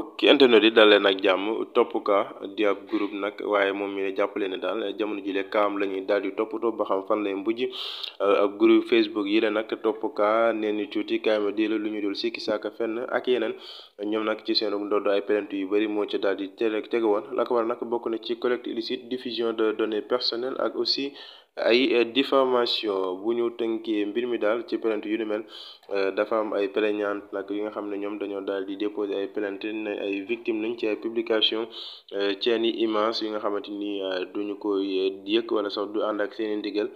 mbokki internet yi daleen ak jàmm topp ka di ab groupe nag waaye moom mi ne jàppale ne daal jamono jile kaam la ñuy daal di toppatoo ba xam fan lay mbujj euh, ab groupe Facebook yi la nag topp ka nee tuuti kaayma di lu ñu dul sikki saaka fenn ak yeneen ñoom nag ci seen ndodd ay plainte yu bari moo ci daal di teg teg woon la ko war bokk na ci collecte illicite diffusion de données personnelles ak aussi ay euh, diffamation bu ñu tënkee mbir mi daal ci plainte yu ni mel euh, dafa am ay plaignante nag yi nga xam ne ñoom dañoo daal di déposer ay plainte ne ay victime nañ ci ay publication euh, seen i image yi nga xamante ni duñu ko yëkk wala sax du ànd ak seen i ndigal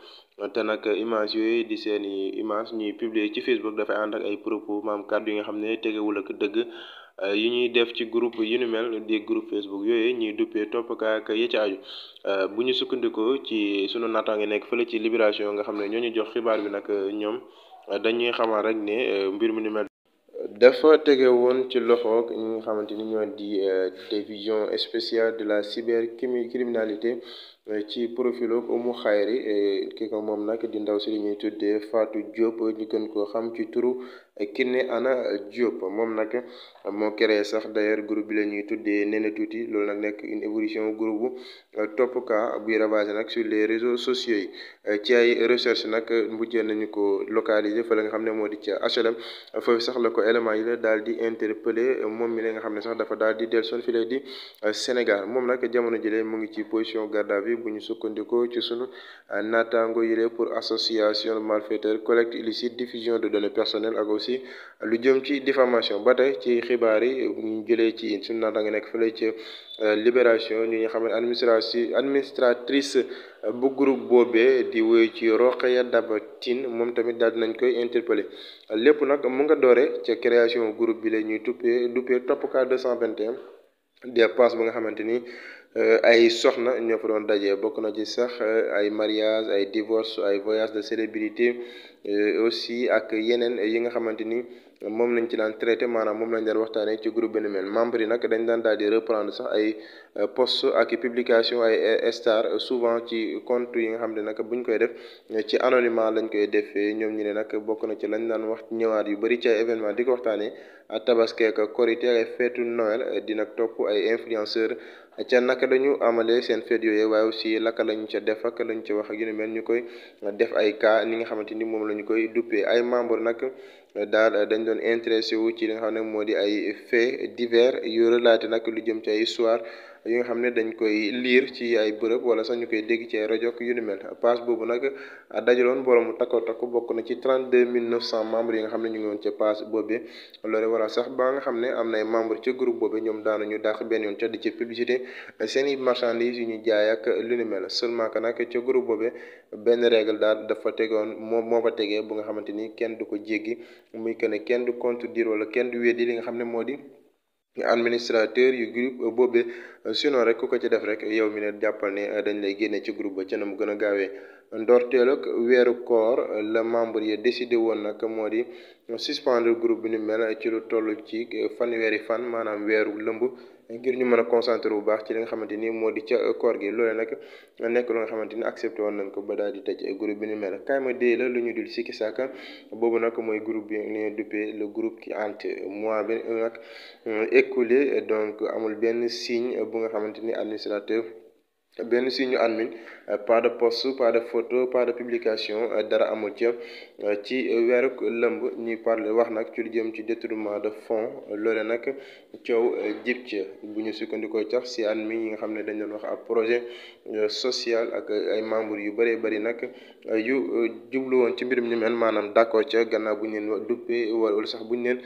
te nag image yooyu di seen i image ñuy publier ci Facebook dafay ànd ak ay propos maam kàddu yi nga xam ne tegewul ak dëgg Euh, yi ñuy def ci groupe yu ni mel di groupe Facebook yooyu ñuy duppee topp kaak yi ci aju euh, bu ñu sukkandiku ci sunu ngi nekk fële ci Libération nga xam ne ñoo ñu jox xibaar bi nag euh, ñoom dañuy xamal rek ne mbir mu ni mel. dafa tege woon ci loxoog ñi nga xamante ni ñoo di division spéciale de la cybercriminalité Euh, ci profilu umu xayri euh, ki ko moom nag di ndaw si li ñuy tuddee faatu Diop ñu gën koo xam ci turu Kiné Ana Diop moom nag moo créé sax d'ailleurs group bi la ñuy tuddee Néné Tuuti loolu nag nekk une évolution groupe bu euh, Top Cas nag sur les réseaux sociaux yi ci ay recherche nag mujjee nañu ko localiser fa la nga xam ne moo di ci HLM foofu sax la ko élément yi la daal di interpellé moom mi la nga xam ne sax dafa daal di dellusoon fi lay di Sénégal moom nag jamono jëlee mu ngi ci position garde à bi bu ñu sukkandikoo ci sunu euh, naataango yile pour association malfaiteur collecte illicite diffusion de données personnelles ak aussi lu jëm ci diffamation ba tey ci xibaar yi ñu jëlee ci sunu naataango nekk fule ci euh, libération ñi nga xam ne administration administratrice euh, bu groupe boobee di woy ci Roqaya Daba Tine moom tamit daal nañ koy interpellé lépp nag mu nga doore ca création groupe bi la ñuy tuppee duppee topp cas 221 dépense ba nga xamante Euh, ay soxna ñoo fa doon daje bokk na ci sax euh, ay mariage ay divorce ay voyage de célébrité euh, aussi ak yeneen yi nga xamante ni moom lañ ci daan traité maanaam moom lañ daan waxtaanee ci groupe benn mel membre yi nag dañ daan daal di reprendre sax ay euh, post ak publication ay euh, star euh, souvent ci compte yi nga xam ne nag buñ koy def ci anonymat lañ koy defee ñoom ñu ne nag bokk na ci lañ daan wax ñëwaat yu bëri ci ay événement di ko waxtaanee tabaski ak korite ay feetu Noël dina ay influenceur ca naka dañu amalee seen feet waaye aussi laka lañu ca def ak lañu ca wax ak yu ñu koy def ay cas ni nga xamante ni moom la ñu koy duppee ay membre nag daal dañu doon intéressé wu ci li nga xam ne moo di ay faits divers yu relaté nag lu jëm ci ay histoire yi nga xam ne dañ koy liir ci ay bërëb wala sax ñu koy dégg ci ay rajo yu ni mel page boobu nag dajaloon borom takko takko bokk na ci 32900 membre yi nga xam ne ñu ngi woon ca page boobee loolu waral sax ba nga xam ne am na ay membres ca groupe boobee ñoom daanuñu dàq benn yoon ca di ci publicité seen i marchandises yu ñu jaay ak lu ni mel seulement que nag ca groupe benn règle daal dafa tegoon moo moo fa tegee bu nga xamante ni kenn du ko jéggi muy que ne kenn du contredire wala kenn du weddi li nga xam ne moo di administrateur yu groupe boobee. sinon rek ku ko ci def rek yow mi ne jàppal ne eh, dañ lay génne ci groupe ba ca na mu gën a gaawee ndorteel ak weeru koor la membre yi décidé woon nag moo di suspendre groupe bi ni mel ci lu toll ci eh, fanweeri fan maanaam weeru lëmb ngir ñu mën a concentré bu baax ci li nga xamante ni moo di ca koor gi loole nag nekk lu nga xamante ni accepté woon nañ ko ba daal di tëj groupe bi ni mel kaay ma dee la lu ñu dul sikki sàkk boobu nag mooy groupe bi ñu duppee le groupe qui hante mois bi nag euh, écoulé donc amul benn signe bu nga xamante ni administrateur benn signe admin euh, pas de post pas de photo pas de publication euh, dara amul euh, ci ci weeru lëmb ñuy parle wax nag ci lu jëm ci détournement de fonds loole nag coow jib ca bu ñu sukkandikoo cax si admin yi nga xam ne dañ doon wax ab projet social ak ay membres yu bëree bari nag yu jublu woon ci mbirum ñu mel maanaam d'accord ca gannaaw bu ñu leen duppee wala sax bu ñu leen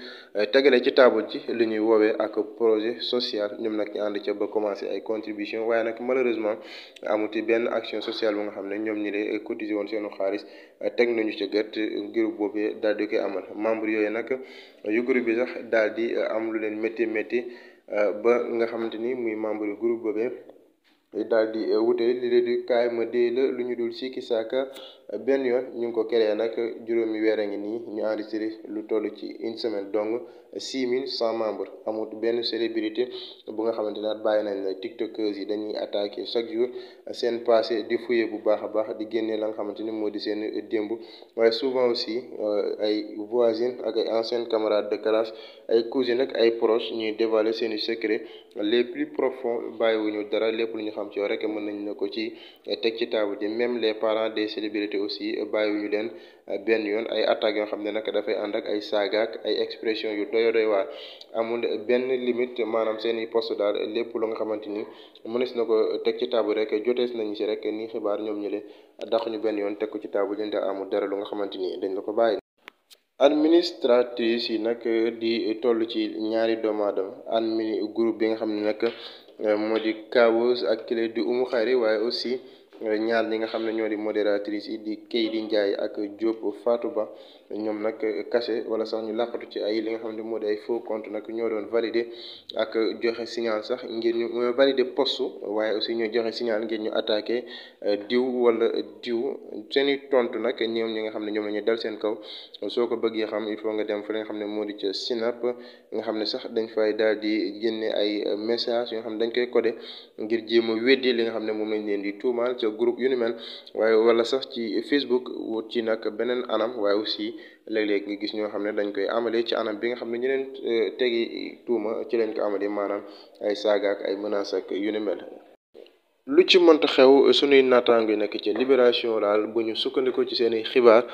tegalee ci taabul ci li ñuy woowee ak projet social ñoom nag ñu ànd ca ba commencé ay contribution waaye nag malheureusement amuti benn action sociale bu nga xam ne ñoom ñi de cotisé woon seenu xaalis teg nañu ci gët groupe boobu daal koy amal membre yooyu nag yu groupe bi sax daal di am lu leen métti métti ba nga xamante ni muy membre yu groupe boobee daal di wute leen di kaay ma dee la lu ñu dul sikki saaka benn yoon ñu ngi ko créé nag juróomi weer a ngi nii ñu enregistré lu toll ci une semaine donc six mille cent membres amut benn célébrité bu nga xamante ne bàyyi nañ la tiktokers yi dañuy attaqué chaque jour seen passé di fouillé bu baax a baax di génnee la nga xamante ni moo di seen démb waaye souvent aussi euh, ay voisines ak ay anciennes camarades de classe ay cousines ak ay proches ñuy dévoiler seen i secret les plus profonds bàyyiwuñu dara lépp lu ñu xam ci yow rek mën nañ la ko ci teg ci table ji même les parents des célébrités aussi euh, bàyyiwuñu leen euh, benn yoon ay attaques yoo xam ne nag dafay ànd ak ay saaga ak ay expression yu doyo doy waar amul benn limite maanaam seen i poste daal lépp lu nga xamante ni mënees na ko teg ci taabu rek jotees nañu si rek nii xibaar ñoom ñu le daxuñu benn yoon teg ko ci taabu leen da amul dara lu nga xamante ni dañ la ko bàyyi. administratrice yi nag euh, di toll ci ñaari doomu aadama admin groupe bi nga xam ne nag moo di Kawos ak kile di Umu Xari waaye aussi. ñaar ñi nga xam ne ñoo di modératrice yi di di njaay ak Diop faatu Ba ñoom nag caché wala sax ñu làqatu ci ay li nga xam ne moo di ay faux nag ñoo doon validé ak joxe signal sax ngir ñu validé poste waaye aussi ñoo joxe signal ngir ñu attaqué euh, diw wala diw seeni tontu nag ñoom ñi nga xam ne ñoom la ñu dal seen kaw soo ko bëggee xam il faut nga dem fa li nga xam ne moo di ca Snap nga xam ne sax dañ fay daal di génne ay message yoo xam ne dañ koy codé ngir jéem a weddi li nga xam ne moom lañ leen di tuumaal groupe yu ni mel waaye wala sax ci Facebook wut ci nag beneen anam waaye aussi léeg-léeg nga gis ñoo xam ne dañ koy amalee ci anam bi nga xam ne ñu leen euh, tegi tuuma ci lañ ko amalee maanaam ay saagaak ak ay menaces ak yu ni mel. lu ci mënta xew sunuy naataango yi nekk ci Libération daal bu ñu sukkandikoo ci seen i xibaar.